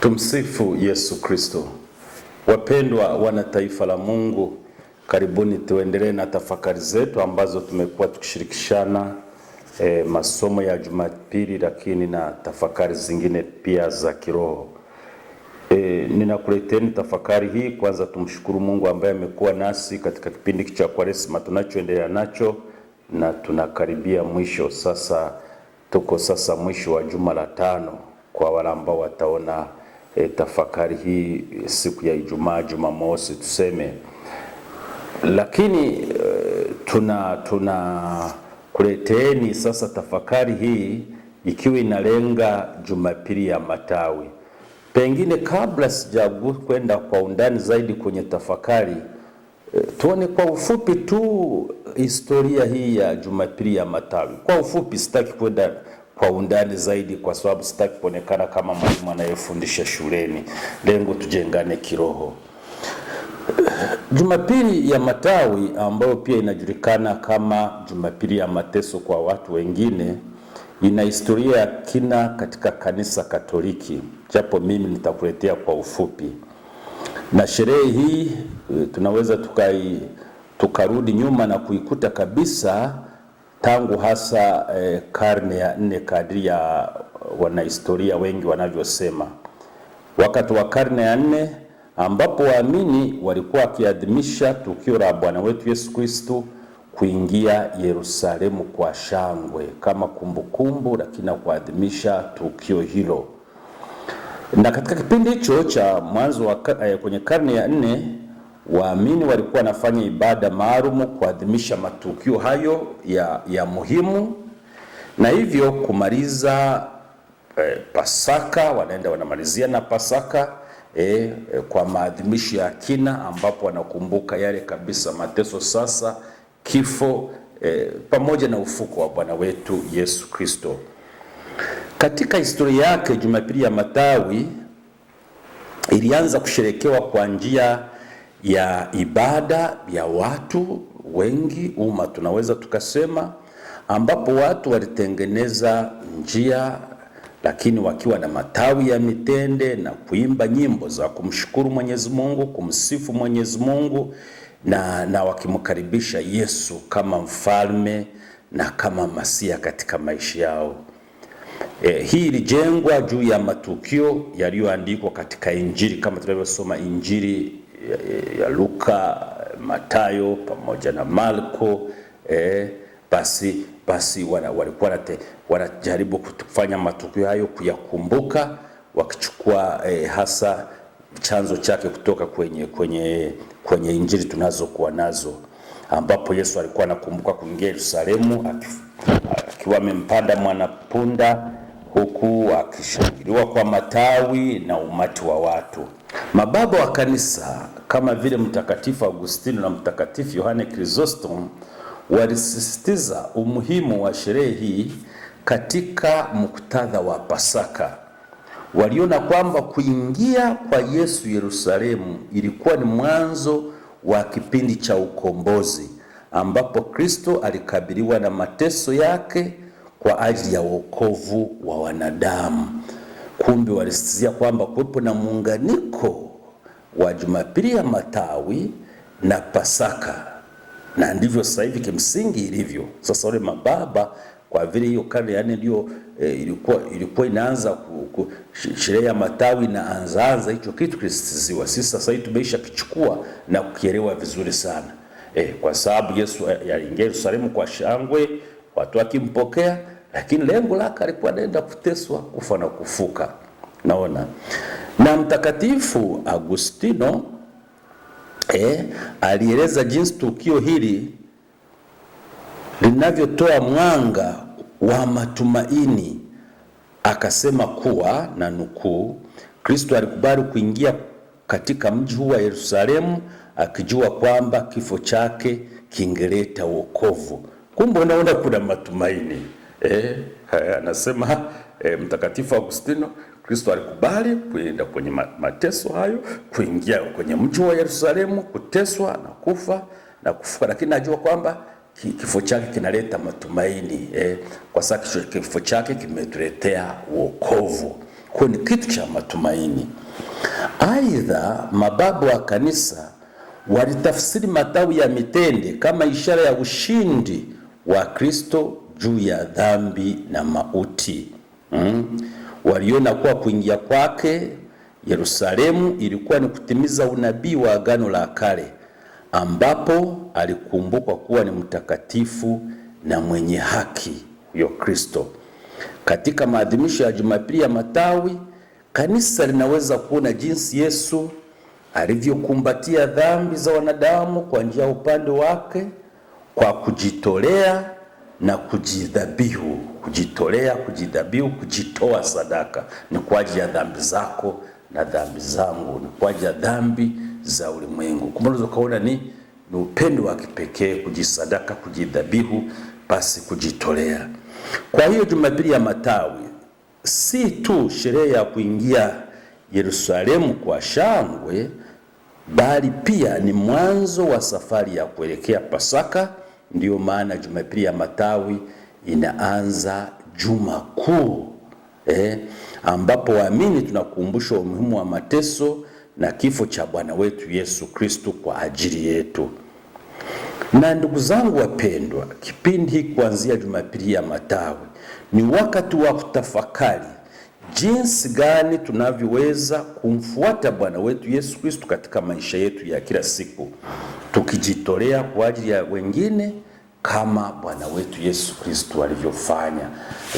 Tumsifu Yesu Kristo. Wapendwa wana taifa la Mungu, karibuni tuendelee na tafakari zetu ambazo tumekuwa tukishirikishana e, masomo ya Jumapili, lakini na tafakari zingine pia za kiroho. E, ninakuleteni tafakari hii. Kwanza tumshukuru Mungu ambaye amekuwa nasi katika kipindi cha Kwaresma tunachoendelea nacho na tunakaribia mwisho sasa. Tuko sasa mwisho wa juma la tano kwa wale ambao wataona e, tafakari hii siku ya Ijumaa, Jumamosi tuseme, lakini e, tuna kuleteni sasa tafakari hii ikiwa inalenga Jumapili ya Matawi. Pengine kabla sijagu kwenda kwa undani zaidi kwenye tafakari e, tuone kwa ufupi tu historia hii ya Jumapili ya Matawi. Kwa ufupi, sitaki kwenda kwa undani zaidi kwa sababu sitaki kuonekana kama mwalimu anayefundisha shuleni. Lengo tujengane kiroho. Jumapili ya Matawi ambayo pia inajulikana kama Jumapili ya mateso kwa watu wengine ina historia ya kina katika kanisa Katoliki, japo mimi nitakuletea kwa ufupi. Na sherehe hii eh, tunaweza tukai, tukarudi nyuma na kuikuta kabisa tangu hasa eh, karne ya nne kadri ya wanahistoria wengi wanavyosema, wakati wa karne ya nne ambapo waamini walikuwa wakiadhimisha tukio la Bwana wetu Yesu Kristo kuingia Yerusalemu kwa shangwe kama kumbukumbu, lakini na kuadhimisha tukio hilo. Na katika kipindi hicho cha mwanzo wa eh, kwenye karne ya nne, waamini walikuwa wanafanya ibada maalum kuadhimisha matukio hayo ya, ya muhimu na hivyo kumaliza eh, Pasaka. Wanaenda wanamalizia na Pasaka e, e, kwa maadhimisho ya kina ambapo wanakumbuka yale kabisa mateso sasa kifo eh, pamoja na ufuko wa Bwana wetu Yesu Kristo. Katika historia yake, Jumapili ya Matawi ilianza kusherekewa kwa njia ya ibada ya watu wengi, umma tunaweza tukasema, ambapo watu walitengeneza njia lakini wakiwa na matawi ya mitende na kuimba nyimbo za kumshukuru Mwenyezi Mungu, kumsifu Mwenyezi Mungu na, na wakimkaribisha Yesu kama mfalme na kama masia katika maisha yao. E, hii ilijengwa juu ya matukio yaliyoandikwa katika Injili kama tunavyosoma Injili ya Luka, Matayo pamoja na Marko. E, basi basi walikuwa wanajaribu kufanya matukio hayo kuyakumbuka, wakichukua e, hasa chanzo chake kutoka kwenye, kwenye kwenye injili tunazokuwa nazo, ambapo Yesu alikuwa anakumbuka kuingia Yerusalemu akiwa amempanda mwanapunda huku akishangiliwa kwa matawi na umati wa watu. Mababa wa kanisa kama vile Mtakatifu augustino na Mtakatifu Yohane Chrysostom walisisitiza umuhimu wa sherehe hii katika muktadha wa Pasaka waliona kwamba kuingia kwa Yesu Yerusalemu ilikuwa ni mwanzo wa kipindi cha ukombozi ambapo Kristo alikabiliwa na mateso yake kwa ajili ya wokovu wa wanadamu. Kumbe walisisitiza kwamba kuwepo na muunganiko wa Jumapili ya Matawi na Pasaka, na ndivyo sasa hivi kimsingi ilivyo. Sasa wale mababa kwa vile hiyo karne yani ndio e, ilikuwa, ilikuwa inaanza sherehe ya matawi na anzaanza hicho kitu kilisisitiziwa. Sisi sasa hivi tumeisha kichukua na kukielewa vizuri sana e, kwa sababu Yesu aliingia Yerusalemu kwa shangwe, watu akimpokea, lakini lengo lake alikuwa anaenda kuteswa, kufa na kufuka. Naona na Mtakatifu Agustino e, alieleza jinsi tukio hili linavyotoa mwanga wa matumaini. Akasema kuwa na nukuu, Kristo alikubali kuingia katika mji huu wa Yerusalemu akijua kwamba kifo chake kingeleta wokovu Kumbe unaona kuna matumaini eh. eh anasema eh, Mtakatifu Agustino, Kristo alikubali kuenda kwenye mateso hayo, kuingia kwenye mji wa Yerusalemu, kuteswa na kufa na kufuka, lakini najua kwamba kifo chake kinaleta matumaini eh, kwa sababu kifo chake kimetuletea wokovu. Kwa ni kitu cha matumaini. Aidha, mababu wa kanisa walitafsiri matawi ya mitende kama ishara ya ushindi wa Kristo juu ya dhambi na mauti. Mm. Waliona kuwa kuingia kwake Yerusalemu ilikuwa ni kutimiza unabii wa Agano la Kale ambapo alikumbukwa kuwa ni mtakatifu na mwenye haki yo Kristo. Katika maadhimisho ya Jumapili ya Matawi, kanisa linaweza kuona jinsi Yesu alivyokumbatia dhambi za wanadamu kwa njia ya upande wake kwa kujitolea na kujidhabihu. Kujitolea, kujidhabihu, kujitoa sadaka ni kwa ajili ya dhambi zako na dhambi zangu, ni kwa ajili ya dhambi za ulimwengu. Kumbe unaweza ukaona ni, ni upendo wa kipekee kujisadaka, kujidhabihu, basi kujitolea. Kwa hiyo Jumapili ya Matawi si tu sherehe ya kuingia Yerusalemu kwa shangwe, bali pia ni mwanzo wa safari ya kuelekea Pasaka. Ndiyo maana Jumapili ya Matawi inaanza Juma Kuu eh, ambapo waamini tunakumbushwa umuhimu wa mateso na kifo cha Bwana wetu Yesu Kristo kwa ajili yetu. Na ndugu zangu wapendwa, kipindi hiki kuanzia Jumapili ya Matawi ni wakati wa kutafakari jinsi gani tunavyoweza kumfuata Bwana wetu Yesu Kristo katika maisha yetu ya kila siku, tukijitolea kwa ajili ya wengine kama Bwana wetu Yesu Kristo alivyofanya,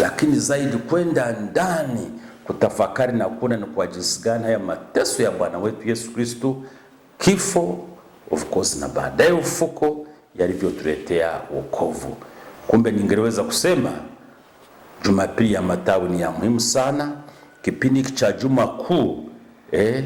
lakini zaidi kwenda ndani kutafakari na kuona ni kwa jinsi gani haya mateso ya Bwana wetu Yesu Kristo, kifo of course na baadaye ufuko yalivyotuletea wokovu. Kumbe ningeweza kusema Jumapili ya Matawi ni ya muhimu sana, kipindi cha Juma Kuu. Eh,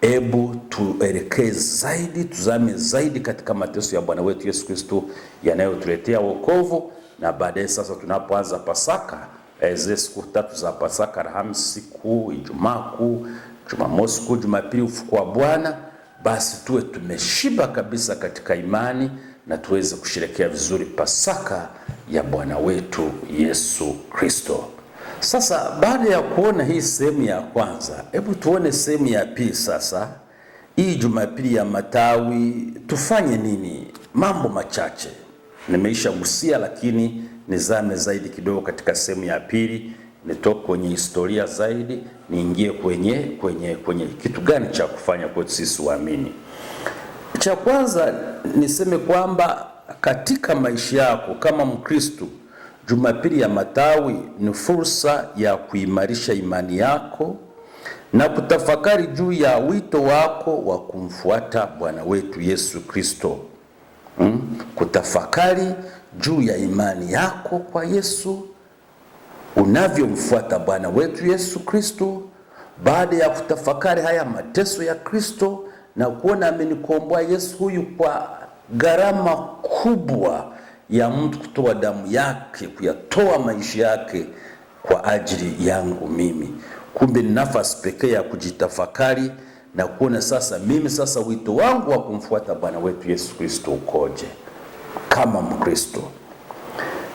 ebu tuelekee zaidi, tuzame zaidi katika mateso ya Bwana wetu Yesu Kristo yanayotuletea wokovu, na baadaye sasa tunapoanza Pasaka zile siku tatu za Pasaka, Alhamisi Kuu, Ijumaa Kuu, Jumamosi Kuu, Jumapili ufufuko wa Bwana, basi tuwe tumeshiba kabisa katika imani na tuweze kusherekea vizuri Pasaka ya Bwana wetu Yesu Kristo. Sasa baada ya kuona hii sehemu ya kwanza, hebu tuone sehemu ya pili. Sasa hii Jumapili ya matawi tufanye nini? Mambo machache nimeisha gusia, lakini nizame zaidi kidogo katika sehemu ya pili, nitoke kwenye historia zaidi, niingie kwenye kwenye kwenye kitu gani cha kufanya kwetu sisi waamini. Cha kwanza niseme kwamba katika maisha yako kama Mkristo, Jumapili ya Matawi ni fursa ya kuimarisha imani yako na kutafakari juu ya wito wako wa kumfuata Bwana wetu Yesu Kristo. Hmm? Kutafakari juu ya imani yako kwa Yesu, unavyomfuata Bwana wetu Yesu Kristo. Baada ya kutafakari haya mateso ya Kristo na kuona amenikomboa Yesu huyu kwa gharama kubwa ya mtu kutoa damu yake, kuyatoa maisha yake kwa ajili yangu mimi. Kumbe ni nafasi pekee ya kujitafakari na kuona sasa, mimi sasa wito wangu wa kumfuata Bwana wetu Yesu Kristo ukoje? kama Mkristo.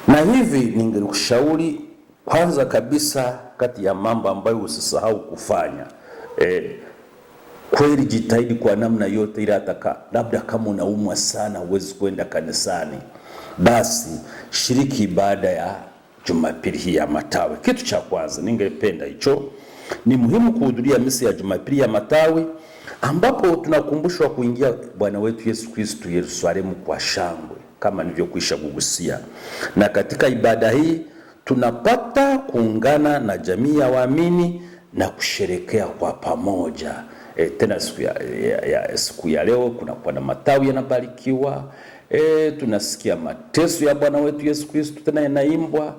Na hivi ningekushauri kwanza kabisa, kati ya mambo ambayo usisahau kufanya e, kweli jitahidi kwa namna yote ile, hata labda kama unaumwa sana huwezi kwenda kanisani, basi shiriki ibada ya Jumapili hii ya matawi. Kitu cha kwanza ningependa hicho, ni muhimu kuhudhuria misa ya Jumapili ya matawi ambapo tunakumbushwa kuingia Bwana wetu Yesu Kristo Yerusalemu kwa shangwe kama nilivyokwisha kugusia. Na katika ibada hii tunapata kuungana na jamii ya waamini na kusherekea kwa pamoja. E, tena siku ya, ya, ya, siku ya leo kunakuwa na matawi yanabarikiwa. E, tunasikia mateso ya Bwana wetu Yesu Kristo tena yanaimbwa.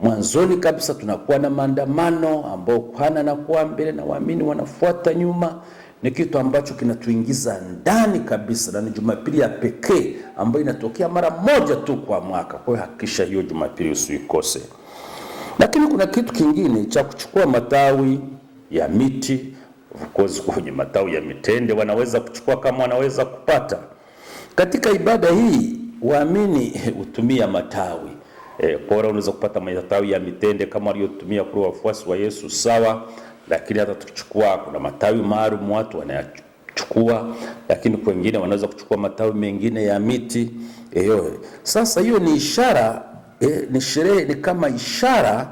Mwanzoni kabisa tunakuwa na maandamano ambao kuhana anakuwa mbele na waamini wanafuata nyuma ni kitu ambacho kinatuingiza ndani kabisa, na ni Jumapili ya pekee ambayo inatokea mara moja tu kwa mwaka. Kwa hiyo hakikisha hiyo Jumapili usiikose. Lakini kuna kitu kingine cha kuchukua matawi ya miti, of course, kwenye matawi ya mitende wanaweza kuchukua kama wanaweza kupata. Katika ibada hii waamini eh, hutumia matawi e, eh, kwa unaweza kupata matawi ya mitende kama aliyotumia kwa wafuasi wa Yesu, sawa lakini hata tukichukua kuna matawi maalum watu wanayachukua, lakini wengine wanaweza kuchukua matawi mengine ya miti eyo. Sasa hiyo ni ishara e, ni sherehe, ni kama ishara,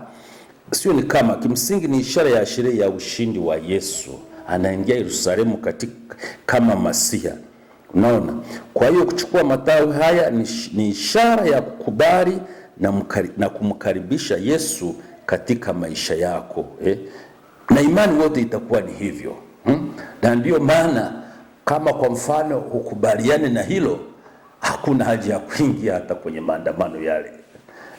sio ni kama, kimsingi ni ishara ya sherehe ya ushindi wa Yesu, anaingia Yerusalemu katika kama Masiha. Unaona, kwa hiyo kuchukua matawi haya ni, ni ishara ya kukubali na, na kumkaribisha Yesu katika maisha yako eh na imani wote itakuwa ni hivyo hmm? Na ndiyo maana kama kwa mfano hukubaliane na hilo, hakuna haja ya kuingia hata kwenye maandamano yale.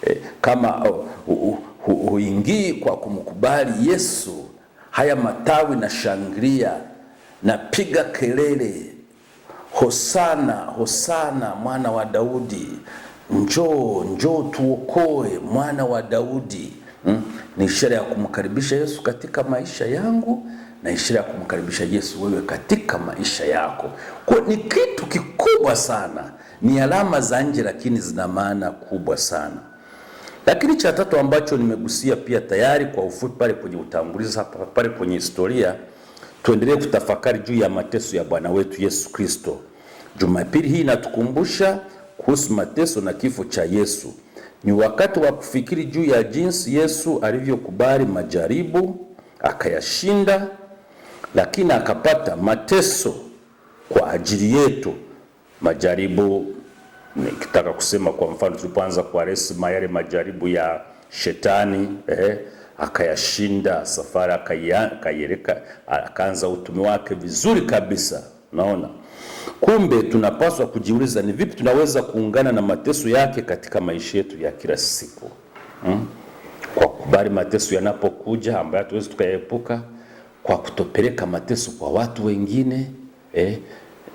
E, kama oh, huingii kwa kumkubali Yesu, haya matawi na shangilia na piga kelele, hosana hosana, mwana wa Daudi, njoo njoo tuokoe, mwana wa Daudi mm, ni ishara ya kumkaribisha Yesu katika maisha yangu na ishara ya kumkaribisha Yesu wewe katika maisha yako. Kwa ni kitu kikubwa sana, ni alama za nje, lakini zina maana kubwa sana. Lakini cha tatu ambacho nimegusia pia tayari kwa ufupi pale kwenye utangulizi, pale kwenye historia, tuendelee kutafakari juu ya mateso ya Bwana wetu Yesu Kristo. Jumapili hii inatukumbusha kuhusu mateso na kifo cha Yesu. Ni wakati wa kufikiri juu ya jinsi Yesu alivyokubali majaribu akayashinda, lakini akapata mateso kwa ajili yetu. Majaribu nikitaka kusema kwa mfano, tulipoanza Kwaresima, yale majaribu ya shetani eh, akayashinda safari akaanza utumi wake vizuri kabisa, naona Kumbe tunapaswa kujiuliza ni vipi tunaweza kuungana na mateso yake katika maisha yetu ya kila siku hmm? Kwa kubali mateso yanapokuja ambayo hatuwezi tukaepuka, kwa kutopeleka mateso kwa watu wengine eh?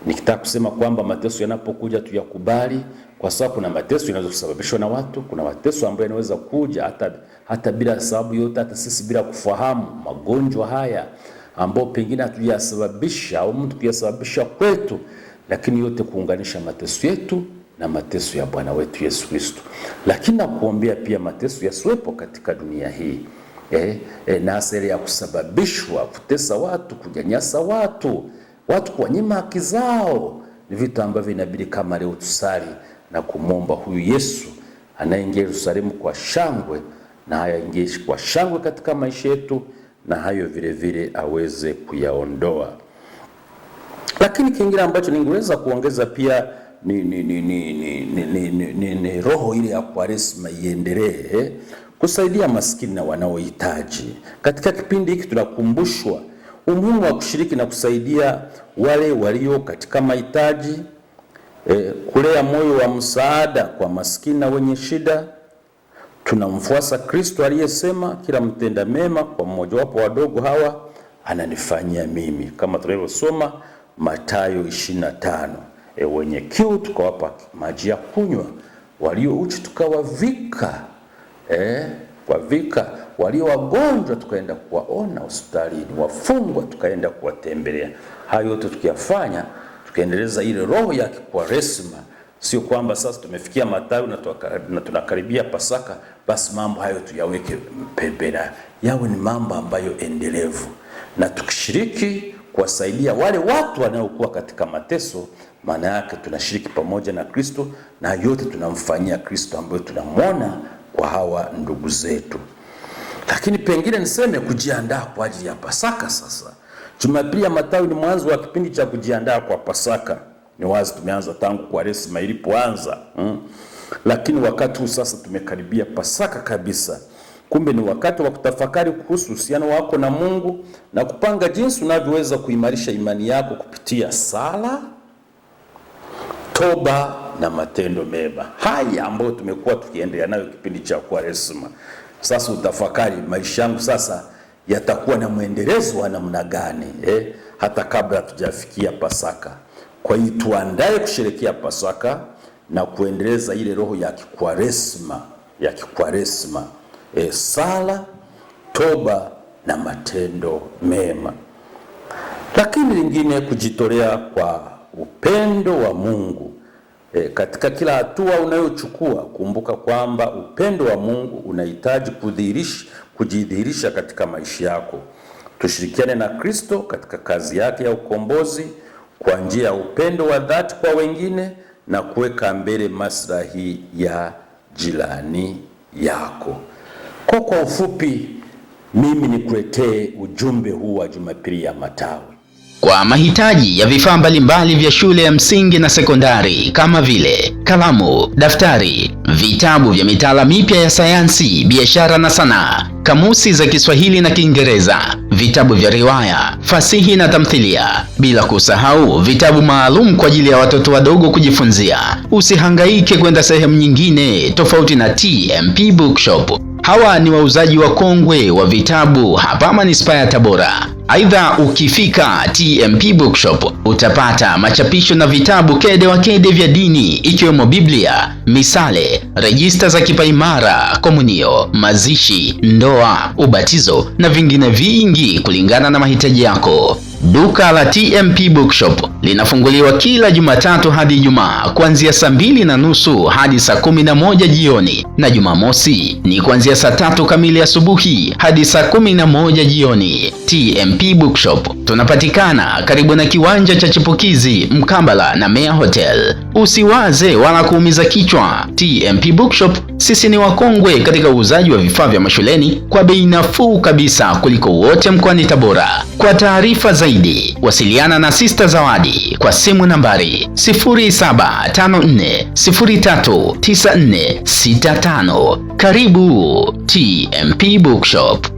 Nikitaka kusema kwamba mateso yanapokuja tuyakubali, kwa sababu kuna mateso yanaweza kusababishwa na watu. Kuna mateso ambayo yanaweza kuja hata, hata bila sababu yote, hata sisi bila kufahamu. Magonjwa haya ambayo pengine hatujasababisha au mtu kuyasababisha kwetu lakini yote kuunganisha mateso yetu na mateso ya Bwana wetu Yesu Kristo. Lakini nakuombea pia mateso yasiwepo katika dunia hii eh, eh, na asili ya kusababishwa kutesa watu, kunyanyasa watu, watu kuwanyima haki zao, ni vitu ambavyo inabidi kama leo tusali na kumwomba huyu Yesu anaingia Yerusalemu kwa shangwe na haya ingishi kwa shangwe katika maisha yetu, na hayo vilevile vile aweze kuyaondoa. Lakini kingine ambacho ningeweza kuongeza pia ni, ni, ni, ni, ni, ni, ni, ni, ni roho ile ya Kwaresma iendelee kusaidia maskini na wanaohitaji. Katika kipindi hiki tunakumbushwa umuhimu wa kushiriki na kusaidia wale walio katika mahitaji, e, kulea moyo wa msaada kwa maskini na wenye shida. Tunamfuasa Kristo aliyesema, kila mtenda mema kwa mmojawapo wadogo hawa ananifanyia mimi, kama tulivyosoma Mathayo 25. E, wenye kiu tukawapa maji ya kunywa, walio uchi tukawavika, e, wavika, walio wagonjwa tukaenda kuwaona hospitalini, wafungwa tukaenda kuwatembelea. Hayo yote tukiyafanya, tukaendeleza ile roho yake kwa resma Sio kwamba sasa tumefikia Mathayo na tunakaribia Pasaka, basi mambo hayo tuyaweke pembeni, yawe ni mambo ambayo endelevu, na tukishiriki kuwasaidia wale watu wanaokuwa katika mateso. Maana yake tunashiriki pamoja na Kristo na yote tunamfanyia Kristo ambayo tunamwona kwa hawa ndugu zetu. Lakini pengine niseme kujiandaa kwa ajili ya Pasaka. Sasa Jumapili ya Matawi ni mwanzo wa kipindi cha kujiandaa kwa Pasaka. Ni wazi tumeanza tangu Kwaresima ilipoanza, hmm. Lakini wakati huu sasa tumekaribia Pasaka kabisa. Kumbe ni wakati wa kutafakari kuhusu uhusiano wako na Mungu na kupanga jinsi unavyoweza kuimarisha imani yako kupitia sala, toba na matendo mema. Haya ambayo tumekuwa tukiendelea nayo kipindi cha Kwaresma. Sasa utafakari, maisha yangu sasa yatakuwa na mwendelezo wa namna gani eh? Hata kabla tujafikia Pasaka. Kwa hiyo tuandae kusherekea Pasaka na kuendeleza ile roho ya kikwaresma ya kikwaresma e, sala, toba na matendo mema. Lakini lingine kujitolea kwa upendo wa Mungu. E, katika kila hatua unayochukua kumbuka kwamba upendo wa Mungu unahitaji kudhihirisha kujidhihirisha katika maisha yako. Tushirikiane na Kristo katika kazi yake ya ukombozi kwa njia ya upendo wa dhati kwa wengine na kuweka mbele maslahi ya jirani yako. Kwa kwa ufupi, mimi nikuletee ujumbe huu wa Jumapili ya Matawi. Kwa mahitaji ya vifaa mbalimbali vya shule ya msingi na sekondari kama vile kalamu, daftari, vitabu vya mitaala mipya ya sayansi, biashara na sanaa, kamusi za Kiswahili na Kiingereza, vitabu vya riwaya, fasihi na tamthilia, bila kusahau vitabu maalum kwa ajili ya watoto wadogo kujifunzia. Usihangaike kwenda sehemu nyingine tofauti na TMP Bookshop. Hawa ni wauzaji wakongwe wa vitabu hapa manispaa ya Tabora. Aidha, ukifika TMP Bookshop utapata machapisho na vitabu kede wa kede vya dini ikiwemo Biblia, misale, rejista za kipaimara, komunio, mazishi, ndoa, ubatizo na vingine vingi kulingana na mahitaji yako. Duka la TMP Bookshop linafunguliwa kila Jumatatu hadi Ijumaa kuanzia saa mbili na nusu hadi saa kumi na moja jioni na Jumamosi ni kuanzia saa tatu kamili asubuhi hadi saa kumi na moja jioni. TMP Bookshop tunapatikana karibu na kiwanja cha Chipukizi mkambala na Mea Hotel. Usiwaze wala kuumiza kichwa. TMP Bookshop sisi ni wakongwe katika uuzaji wa vifaa vya mashuleni kwa bei nafuu kabisa kuliko wote mkoani Tabora. Kwa taarifa zaidi, wasiliana na Sista Zawadi kwa simu nambari 0754039465. Karibu TMP Bookshop.